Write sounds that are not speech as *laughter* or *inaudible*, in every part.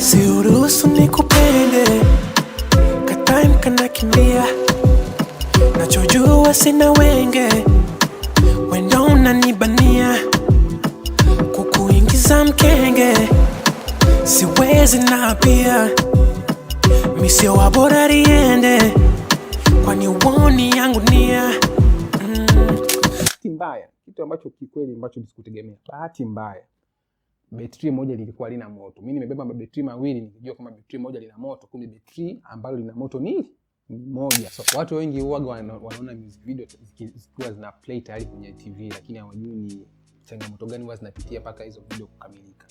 si uruhusu nikupende, kataa mkanakimbia, nachojua sina wenge, wenda unanibania kukuingiza mkenge, siwezi na pia misio wabora riende, kwani uoni yangu nia mm. mbaya kitu ambacho kikweli ambacho nisikutegemea, bahati mbaya betri moja lilikuwa lina moto. Mimi nimebeba mabetri mawili nikijua kwamba betri moja lina moto, kumbe betri ambalo lina moto ni moja. So watu wengi huaga wanaona music video zikiwa zina play tayari kwenye TV, lakini hawajui ni changamoto gani huwa zinapitia mpaka hizo video kukamilika.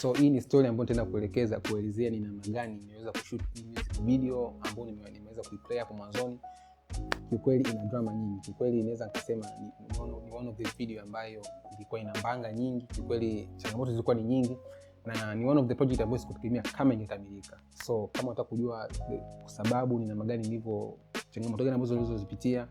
So hii ni story ambayo nitaenda kuelekeza kuelezea ni namna gani nimeweza kushoot music video ambayo nimeweza kuiplay hapo mwanzoni kiukweli ina drama nyingi kiukweli, inaweza nikasema ni one of the video ambayo ilikuwa ina mbanga nyingi kiukweli, changamoto zilikuwa ni nyingi na ni one of the project ambayo sikutegemea kama ingekamilika. So kama unataka kujua sababu ni namna gani nilivyo, changamoto gani ambazo nilizozipitia,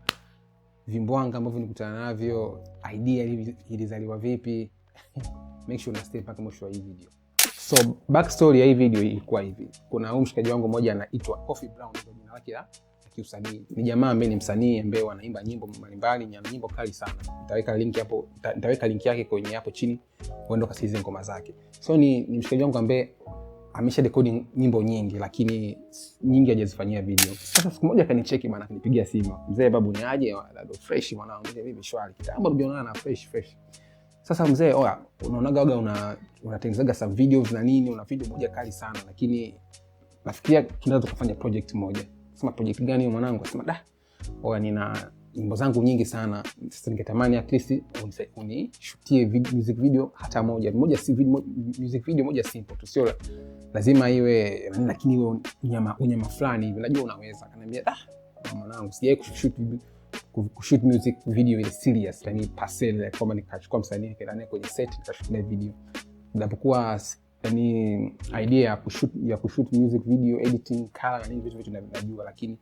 vimbwanga ambavyo nilikutana navyo, idea ilizaliwa vipi, *laughs* make sure una stay mpaka mwisho wa hii video. So backstory ya hii video ilikuwa hivi, kuna huyu mshikaji wangu mmoja anaitwa Coffee Brown, ndio jina lake la kiusanii. Ni jamaa ambaye ni msanii ambaye wanaimba nyimbo mbalimbali, nyimbo kali sana. Nitaweka link hapo, nitaweka link yake kwenye hapo chini, uende ukasikilize ngoma zake. So ni, ni mshikaji wangu ambaye amesha rekodi nyimbo nyingi, lakini nyingi hajazifanyia video. Sasa siku moja akanicheki bana, akanipigia simu, mzee babu ni aje? Dado fresh mwanangu, mimi shwari? Kitambo tujaonana na fresh fresh sasa mzee, oya, unaonaga waga una, unatengenezaga sa videos na nini, una video moja kali sana, lakini nafikiria tunaweza tukafanya project moja sema project gani mwanangu? Asema da, oya, nina nyimbo zangu nyingi sana, sasa ningetamani at least unishutie music video hata moja moja, si music video moja simple tu, sio lazima iwe, lakini iwe unyama unyama fulani hivi, najua unaweza. Kaniambia da, mwanangu, sijai kushoot kushoot music video ile serious, yani parcel, kama nikachukua msanii akaenda naye kwenye set nikashoot video, ndapokuwa yani idea ya kushoot, ya kushoot music video editing, color na nini, vitu vyote najua, lakini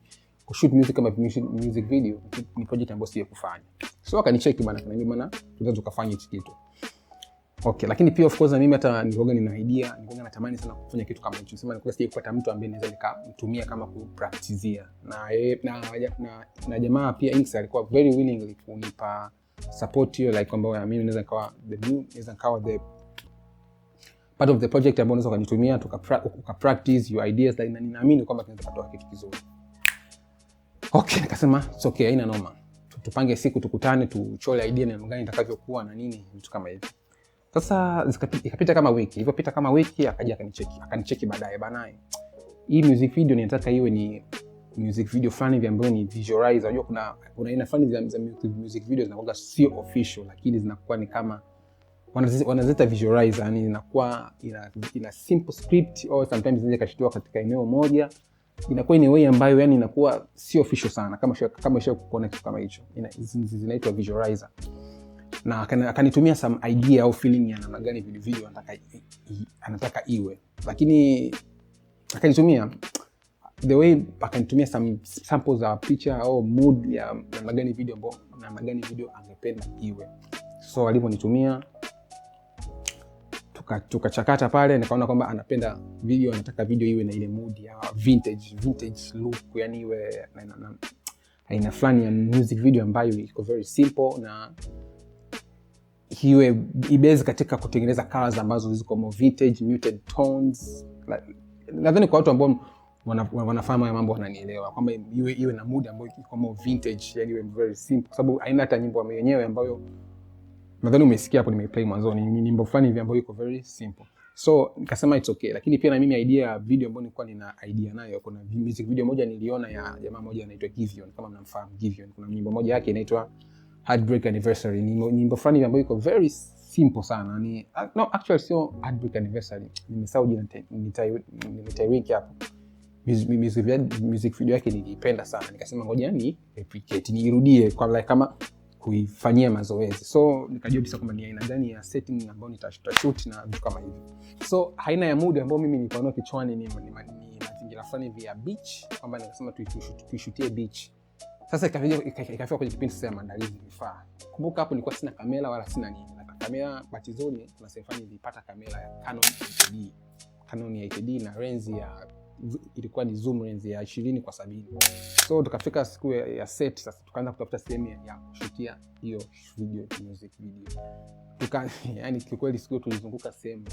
kushoot music kama music video ni project ambayo sija kufanya. So akanicheki bana, kaniambia bana, tunaweza tukafanya hichi kitu. Okay, lakini pia of course mimi hata nilikuwa nina idea, nilikuwa natamani sana kufanya kitu kama hicho. Sema nilikuwa sija mtu ambaye naweza nikamtumia kama ku practice na yeye na, na, na jamaa pia Inks alikuwa very willingly kunipa support hiyo like kwamba mimi naweza nikawa the new, naweza nikawa the part of the project ambayo unaweza ukajitumia uka practice your ideas, na ninaamini kwamba tunaweza kutoa kitu kizuri. Okay, nikasema it's okay, haina noma, tupange siku tukutane, tuchole idea na gani itakavyokuwa na nini, vitu kama hivyo. Sasa ikapita kama wiki, ilivyopita kama wiki akaja akanicheki, akanicheki baadaye bana, hii music video ninataka iwe ni music video fulani hivi ambayo ni visualize. Unajua kuna kuna aina fulani za music videos zinakuwa sio official, lakini zinakuwa ni kama wanazita visualize, yani inakuwa ina, ina simple script au sometimes inaweza kashtua katika eneo moja, inakuwa ni way ambayo yani inakuwa sio official sana kama shia, kama shia kuona kitu kama hicho, zinaitwa visualizer, na akanitumia some idea au feeling ya namna gani video video anataka anataka iwe, lakini akanitumia the way akanitumia some samples za picha au mood ya namna gani video ambao namna gani video angependa iwe, so alivyonitumia tukachakata pale, nikaona kwamba anapenda video, anataka video iwe na ile mood ya vintage, vintage look, yani iwe aina fulani ya music video ambayo iko very simple na iwe ibezi katika kutengeneza colors ambazo ziko more vintage, muted tones. Nadhani kwa watu ambao wana, wanafahamu haya mambo wananielewa kwamba iwe, iwe na mood ambayo iko more vintage, yani iwe very simple, kwa sababu aina hata nyimbo yenyewe ambayo nadhani umesikia hapo nimeplay mwanzoni, ni nyimbo fulani hivi ambayo iko very simple, so nikasema it's okay. Lakini pia na mimi idea ya video ambayo nilikuwa nina idea nayo, kuna music video moja niliona ya jamaa moja anaitwa Givion, kama mnamfahamu Givion, kuna nyimbo moja yake inaitwa Heartbreak Anniversary. Ni nyimbo fulani hivi ambayo iko very simple sana, ni ah, no actually sio Heartbreak Anniversary, nimesahau jina, nimetaiwiki hapo music video yake niliipenda sana, nikasema ngoja ni replicate niirudie kwa like kama kuifanyia mazoezi. So nikajua hmm. kabisa kwamba ni aina gani ya setting ambayo nitashoot na vitu kama hivyo. So aina ya mood ambayo mimi nilikuwa nayo kichwani ni, ni, ni mazingira fulani vya ya beach, kwamba nikasema tuishutie beach. Sasa ikafika kwenye kipindi sasa ya maandalizi vifaa. Kumbuka hapo nilikuwa sina kamera wala sina nini. Na kamera batizoni tunasema nilipata kamera ya Canon Canon ya ITD na lenzi ya ilikuwa ni zoom lens ya ishirini kwa sabini. So tukafika siku ya, ya set sasa, tukaanza kutafuta sehemu ya kushutia hiyo video, music video tuka, *laughs* yani kiukweli siku tulizunguka sehemu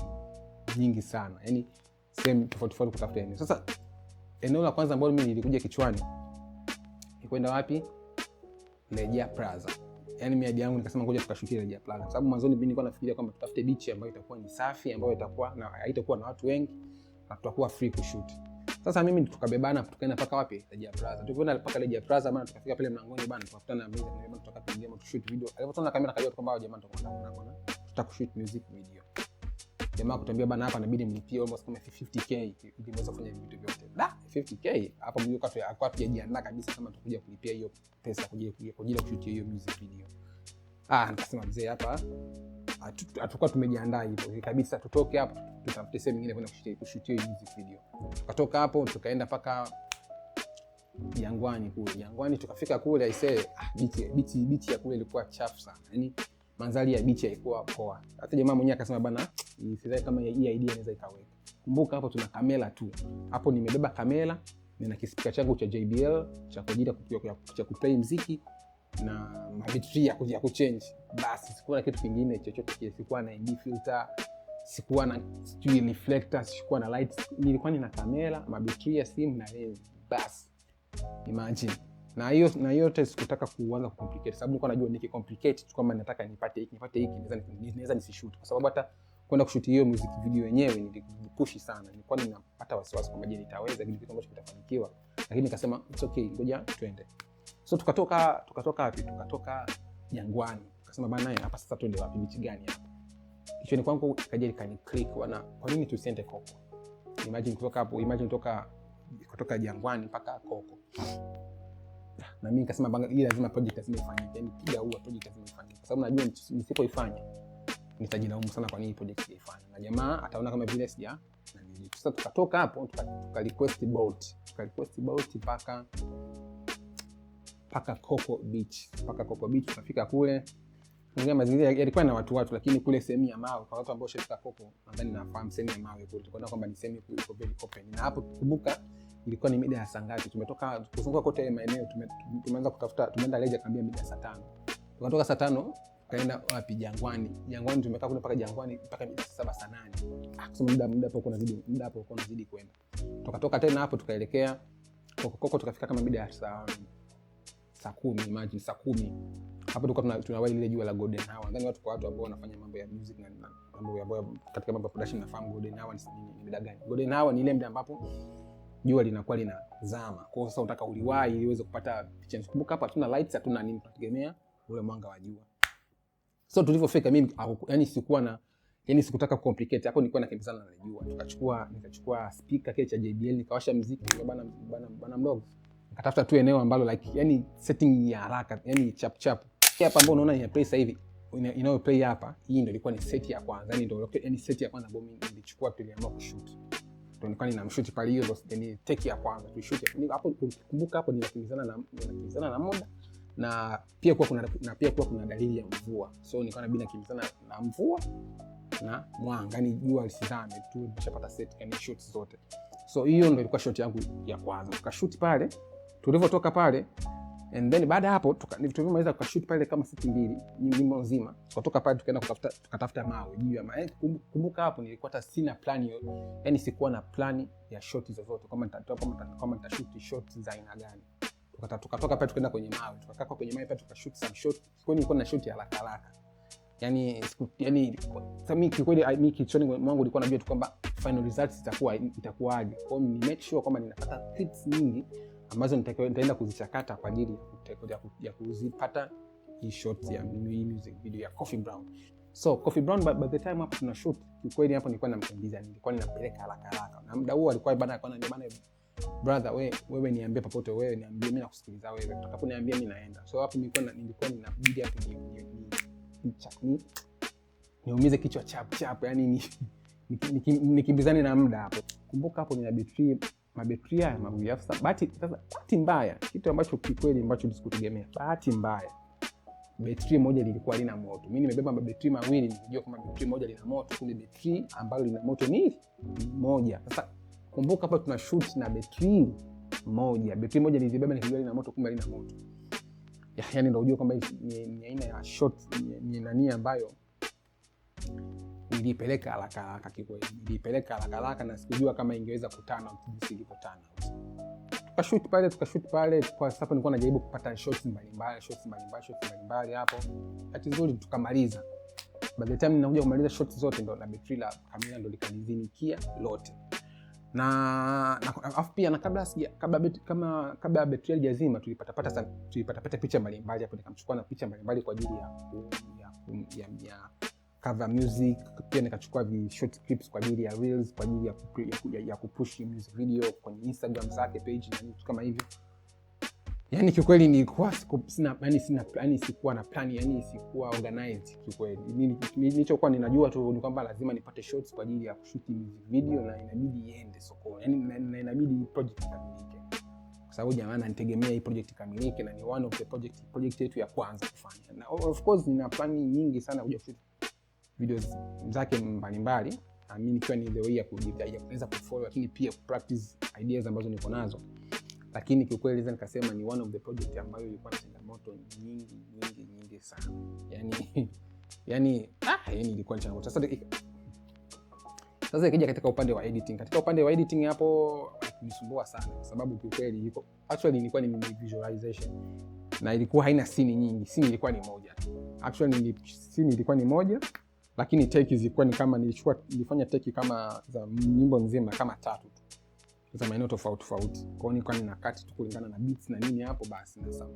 nyingi sana, yani sehemu tofauti tofauti kutafuta eneo. Sasa eneo la kwanza ambalo mimi nilikuja kichwani ni wapi? Leja Plaza. Yani mimi hadi yangu nikasema ngoja tukashukia Leja Plaza, kwa sababu mwanzoni mimi nilikuwa nafikiria kwamba tutafute beach ambayo itakuwa ni safi, ambayo itakuwa na haitakuwa na watu wengi na tutakuwa free kushuti sasa mimi tukabebana tukaenda mpaka wapi? Leja Plaza. Tukiona mpaka Leja Plaza bana, tukafika pale mlangoni bana, tukakutana na mimi mmoja jamaa, tukapiga game tushoot video. na kamera akajua kwamba hao jamaa tutakwenda kuna kuna tutakushoot music video. Jamaa kutambia bana, hapa inabidi mlipie almost kama 50k ili mweze kufanya vitu vyote. Da, 50k hapo mjua katu akwa tujajiandaa kabisa kama tutakuja kulipia hiyo pesa kuja kuja kwa ajili ya kushoot hiyo music video. Ah, nikasema mzee hapa hatukuwa tumejiandaa hivyo kabisa, tutoke hapo tutafute sehemu nyingine kwenda kushutia hizi video. Tukatoka hapo tukaenda mpaka Jangwani kule. Jangwani tukafika kule aisee, ah, bichi, bichi, ya kule ilikuwa chafu sana. Yaani mandhari ya bichi haikuwa poa. Hata jamaa mwenyewe akasema bana, sidhani kama hii idea inaweza ikaweka. Kumbuka hapo tuna kamera tu. Hapo nimebeba kamera, nina kispika changu cha JBL cha kwa ajili ya kupiga cha kuplay muziki na habitri ya, ya kuchange basi, sikuwa na kitu kingine chochote kile, sikuwa na ND filter, sikuwa na sijui reflector, sikuwa na light, nilikuwa nina kamera, mabetri ya simu na lens basi, imagine na hiyo na hiyo test kutaka kuanza kucomplicate, sababu nilikuwa najua niki complicate tu kama nataka nipate hiki nipate hiki, naweza naweza nisishoot, kwa sababu hata kwenda kushoot hiyo music video yenyewe nilipush sana, nilikuwa ninapata wasiwasi kwamba je, nitaweza kile kitu ambacho kitafanikiwa, lakini nikasema it's okay, ngoja twende. So tukatoka tukatoka wapi? Tukatoka Jangwani, tukasema bana, hapa sasa tuende wapi? Bichi gani hapa? Kichwani kwangu kaja likani click, wana kwa nini tusiende Koko? Imagine kutoka hapo, imagine kutoka kutoka Jangwani mpaka Koko. Na mimi nikasema banga hii lazima project lazima ifanyike, yani piga huwa project lazima ifanyike, kwa sababu najua nisipoifanya nitajilaumu sana kwa nini project sijaifanya, na jamaa ataona kama vile sija. na Sasa tukatoka hapo tukarequest tuka boat tukarequest boat mpaka mpaka Coco Beach, mpaka Coco Beach tunafika kule. Ingawa mazingira yalikuwa na watu watu, lakini kule sehemu ya mawe kwa watu ambao shafika Coco, nadhani nafahamu sehemu ya mawe kule, tukaona kwamba ni sehemu iko very open, na hapo tukumbuka ilikuwa ni mida ya sangati Tumetoka kuzunguka kote ile maeneo, tumeanza kutafuta, tumeenda Leja kambia mida saa tano, tukatoka saa tano tukaenda wapi? Jangwani. Jangwani tumekaa kule mpaka Jangwani mpaka mida saa saba saa nane, ah, kusema muda muda hapo kunazidi, muda hapo kunazidi kwenda, tukatoka tena hapo tukaelekea Kokokoko, tukafika kama mida ya saa saa kumi imagine saa kumi hapo tulikuwa tunawai lile jua la Golden Hour. Nadhani watu kwa watu ambao wanafanya mambo ya music na mambo ya boya katika mambo ya production nafahamu Golden Hour ni muda gani. Golden Hour ni ile muda ambapo jua linakuwa linazama. Kwa hiyo sasa unataka uliwai ili uweze kupata picha nzuri. Kumbuka hapa tuna lights, hatuna nini, tunategemea ule mwanga wa jua. So tulivyofika mimi yani sikuwa na yani sikutaka complicate hapo, nilikuwa nakimbizana na jua. Tukachukua nikachukua speaker kile cha JBL nikawasha muziki bana bana bana mdogo akatafuta tu eneo ambalo like yani setting ya haraka yani chap chap hapa ambao unaona ina play sasa hivi inayo play hapa, hii ndio ilikuwa ni set ya kwanza, yani ndio yani set ya kwanza ambayo nilichukua pili ambayo kushoot ndio nilikuwa nina mshoot pale, hiyo ndio take ya kwanza tu shoot hapo. Kumbuka hapo ninakimbizana na ninakimbizana na muda na pia kuwa kuna na pia kuwa kuna dalili ya mvua, so nilikuwa nabidi nakimbizana na mvua na mwanga, ni jua lisizame tu, nishapata set yani shoot zote. So hiyo ndio ilikuwa shot yangu ya kwanza, kashoot pale Tulivyotoka pale and then baada hapo tulimaliza tukashut pale kama siku mbili nyimbo nzima. Tukatoka pale tukaenda tukatafuta mawe juu ya mawe. Kumbuka hapo nilikuwa hata sina plani yani sikuwa na plani ya shot zozote kama nitatoa shot za aina gani. Tukatoka pale tukaenda kwenye mawe, tukakaa kwenye mawe pale tukashut some shot. Kwa nilikuwa na shot ya haraka haraka. Yani siku yani sasa kikweli mimi kichoni mwangu nilikuwa najua tu kwamba final results itakuwa itakuwaje. Kwa hiyo ni make sure kwamba ninapata tips nyingi ambazo nitaenda kuzichakata kwa ajili ya kuzipata hii shot ya hii music video ya Coffee Brown. So Coffee Brown by, by the time hapo tuna shoot, kweli hapo nilikuwa namkimbiza, nilikuwa ninampeleka haraka haraka, na muda huo alikuwa bado ananiambia bana, brother wewe wewe niambie popote, wewe niambie, mimi nakusikiliza wewe, niambia mimi naenda. So hapo nilikuwa nilikuwa ninabidi hapo ni ni ni niumize kichwa chap chap, yani ni *laughs* nikimbizane na muda hapo. Kumbuka hapo nina betri mabetri haya mawili alafu bahati sasa, bahati mbaya, kitu ambacho kikweli ambacho sikutegemea, bahati mbaya betri moja lilikuwa lina moto. Mimi nimebeba mabetri mawili nikijua kama betri moja lina moto, kumbe betri ambalo lina moto ni moja. Sasa kumbuka, hapa tuna shoot na betri moja, betri moja nilibeba nikijua lina moto, kumbe lina moto. Yaani ndio unajua kwamba ni aina ya shot, ni nani ambayo nilipeleka haraka haraka, kikweli nilipeleka haraka haraka na sikujua kama ingeweza kutana jinsi ilivyotana. Tukashut pale tukashut pale, kwa sababu nilikuwa najaribu kupata shots mbalimbali shots mbalimbali shots mbalimbali hapo. Bahati nzuri tukamaliza. By the time ninakuja kumaliza shots zote ndo na betri la kamera ndo likanizinikia lote na alafu pia na kabla sija kabla kama kabla betri haijazima, tulipata pata tulipata pata picha mbalimbali hapo, nikamchukua na picha mbalimbali kwa ajili ya ya, ya, ya cover music, pia nikachukua vi short clips kwa ajili ya reels, kwa ajili ya, ya, ya kupush music video kwenye Instagram zake page na vitu kama hivyo. Yani kiukweli nilikuwa sina yani sina yani sikuwa na plan yani sikuwa organized kiukweli. Nilichokuwa ninajua tu ni kwamba lazima nipate shots kwa ajili ya kushuti music video na inabidi iende sokoni. Yani na inabidi project ikamilike. Kwa sababu jamani, ananitegemea hii project ikamilike na ni one of the project project yetu ya kwanza kufanya. Na of course nina plani nyingi sana kuja kushuti video zake mbalimbali mimi nikiwa ni the way ya kujitahidi kuweza kufollow, lakini pia kupractice ideas ambazo niko nazo. Lakini kiukweli naweza nikasema ni one of the project ambayo ilikuwa na changamoto nyingi nyingi nyingi sana, yani *laughs* yani ah, yani ilikuwa ni changamoto. Sasa sasa ikija katika upande wa editing, katika upande wa editing hapo nisumbua sana, kwa sababu kiukweli iko actually ilikuwa ni visualization na ilikuwa haina scene nyingi, scene ilikuwa ni moja actually, ni scene ilikuwa ni moja lakini teki zilikuwa ni kama nilichukua, nilifanya teki kama za nyimbo nzima kama tatu tu za maeneo tofauti tofauti, kwao nilikuwa nina kati tu kulingana na beats na nini hapo basi, na sawa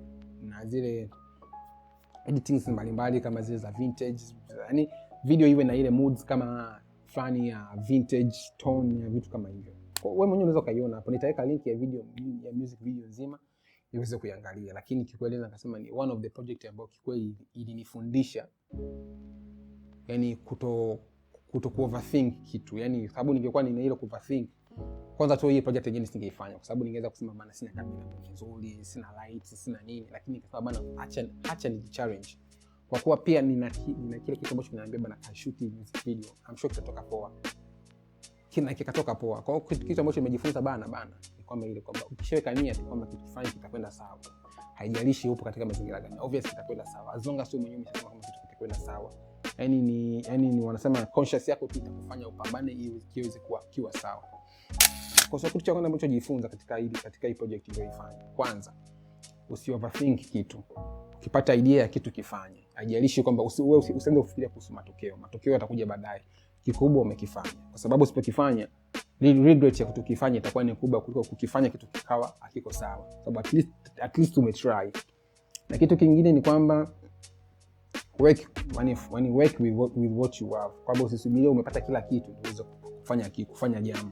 na zile editing mbalimbali kama zile za vintage, yani video iwe na ile moods kama fulani ya vintage tone ya vitu kama hivyo. Kwa wewe mwenyewe unaweza kaiona hapo, nitaweka link ya video ya music video nzima niweze kuiangalia, lakini kikweli nakasema ni one of the project ambayo kikweli ilinifundisha yani kuto kuto overthink kitu yani, sababu ningekuwa nina ile overthink kwanza tu hii project yenyewe nisingeifanya kwa sababu ningeweza kusema bana, sina kamera nzuri, sina lights, sina nini, lakini kwa sababu bana, acha acha ni challenge, kwa kuwa pia nina nina kile kitu ambacho kinaniambia bana, ka shoot music video, I'm sure kitatoka poa, kina kikatoka poa. Kwa hiyo kitu ambacho nimejifunza bana bana ni kwamba ile kwamba ukishaweka nia tu kwamba kitu kifanye kitakwenda sawa, haijalishi upo katika mazingira gani, obviously kitakwenda sawa, as long as wewe mwenyewe umesema kama kitu kitakwenda sawa yani ni, yani ni wanasema conscious yako tu itakufanya upambane ili kiweze kuwa, kiwa sawa. Kwa sababu kitu cha kwanza ambacho jifunza katika hii katika hii project uliyoifanya, kwanza usi overthink kitu. Ukipata idea ya kitu kifanye, haijalishi kwamba wewe usi, usianze kufikiria kuhusu matokeo. Matokeo yatakuja baadaye, kikubwa umekifanya, kwa sababu usipokifanya regret ya kutokifanya itakuwa ni kubwa kuliko kukifanya kitu kikawa hakiko sawa, sababu at least, at least umetry. Na kitu kingine ni kwamba work, when, when you work with, with what you have, kwamba usisubirie umepata kila kitu uweze kufanya kitu, kufanya jambo.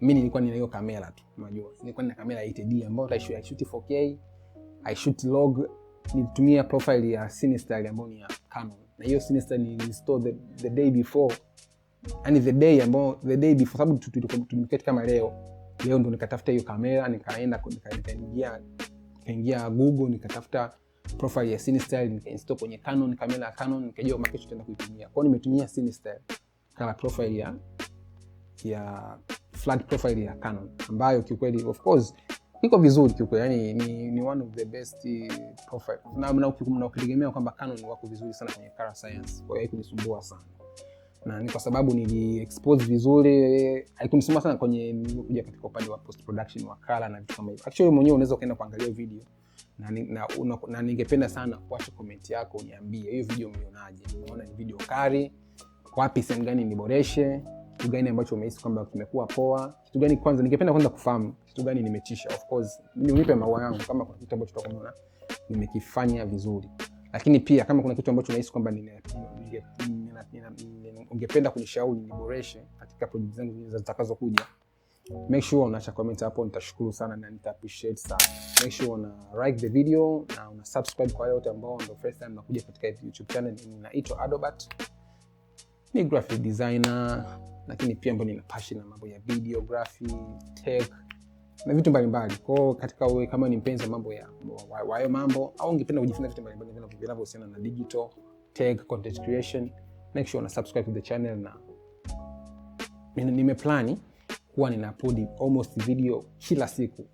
Mimi nilikuwa nina hiyo kamera tu, unajua nilikuwa nina kamera ya d ambayo I shoot 4K, I shoot log, nilitumia profile ya Cinestill ambayo ni ya Canon, na hiyo ni nilistore the, the day before, yani the day ambao the day before, sababu tuliketi kama leo leo, ndo nikatafuta hiyo kamera, nikaenda nikaingia nikaingia Google nikatafuta profile ya CineStyle nikainstall kwenye Canon kamera ya Canon, nikajua kama kesho nitaenda kuitumia. Kwa hiyo nimetumia CineStyle kama profile ya ya flat profile ya Canon ambayo kiukweli of course iko vizuri kiukweli, yani ni, ni one of the best profile na mna na ukitegemea kwamba Canon wako vizuri sana kwenye color science, kwa hiyo haikunisumbua sana na ni kwa sababu nili expose vizuri, haikunisumbua sana kwenye kuja katika upande wa post production wa color na vitu kama hivyo. Actually mwenyewe unaweza ukaenda kuangalia video na, na, na, na ningependa sana kuacha komenti yako uniambie hiyo video umeionaje? Unaona ni video kwa wapi, sehemu gani niboreshe, kitu gani ambacho umehisi kwamba kimekuwa poa, kitu gani kwanza, ningependa kwanza kufahamu kitu gani nimetisha. Of course unipe maua yangu kama kuna kitu ambacho utakuona nimekifanya vizuri, lakini pia kama kuna kitu ambacho unahisi kwamba ungependa kunishauri niboreshe katika projekti zangu zitakazokuja Make sure unaacha comment hapo, nitashukuru sana na nita appreciate sana. Make sure una like the video na una subscribe kwa yote ambao ndio first time nakuja katika YouTube channel. Ninaitwa Adobat, ni graphic designer, lakini pia mbona nina passion na mambo ya video tech na vitu mbalimbali. Kwa hiyo katika wewe kama ni mpenzi wa mambo ya wayo mambo au ungependa kujifunza vitu mbalimbali vinavyohusiana na digital tech, content creation, make sure una subscribe to the channel na nimeplani nina ninapodi almost video kila siku.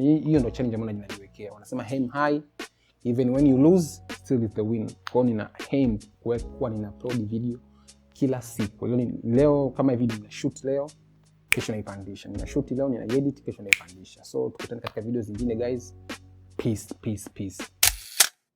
Hiyo ndo challenge ambayo najiwekea. Wanasema aim high even when you lose still is the win. Kwa nina aim kuwa ninaupload video kila siku. Leo, leo kama hivi nina shoot leo kesho naipandisha. Nina shoot leo, nina edit kesho naipandisha. So tukutane katika video zingine guys. Peace, peace, peace.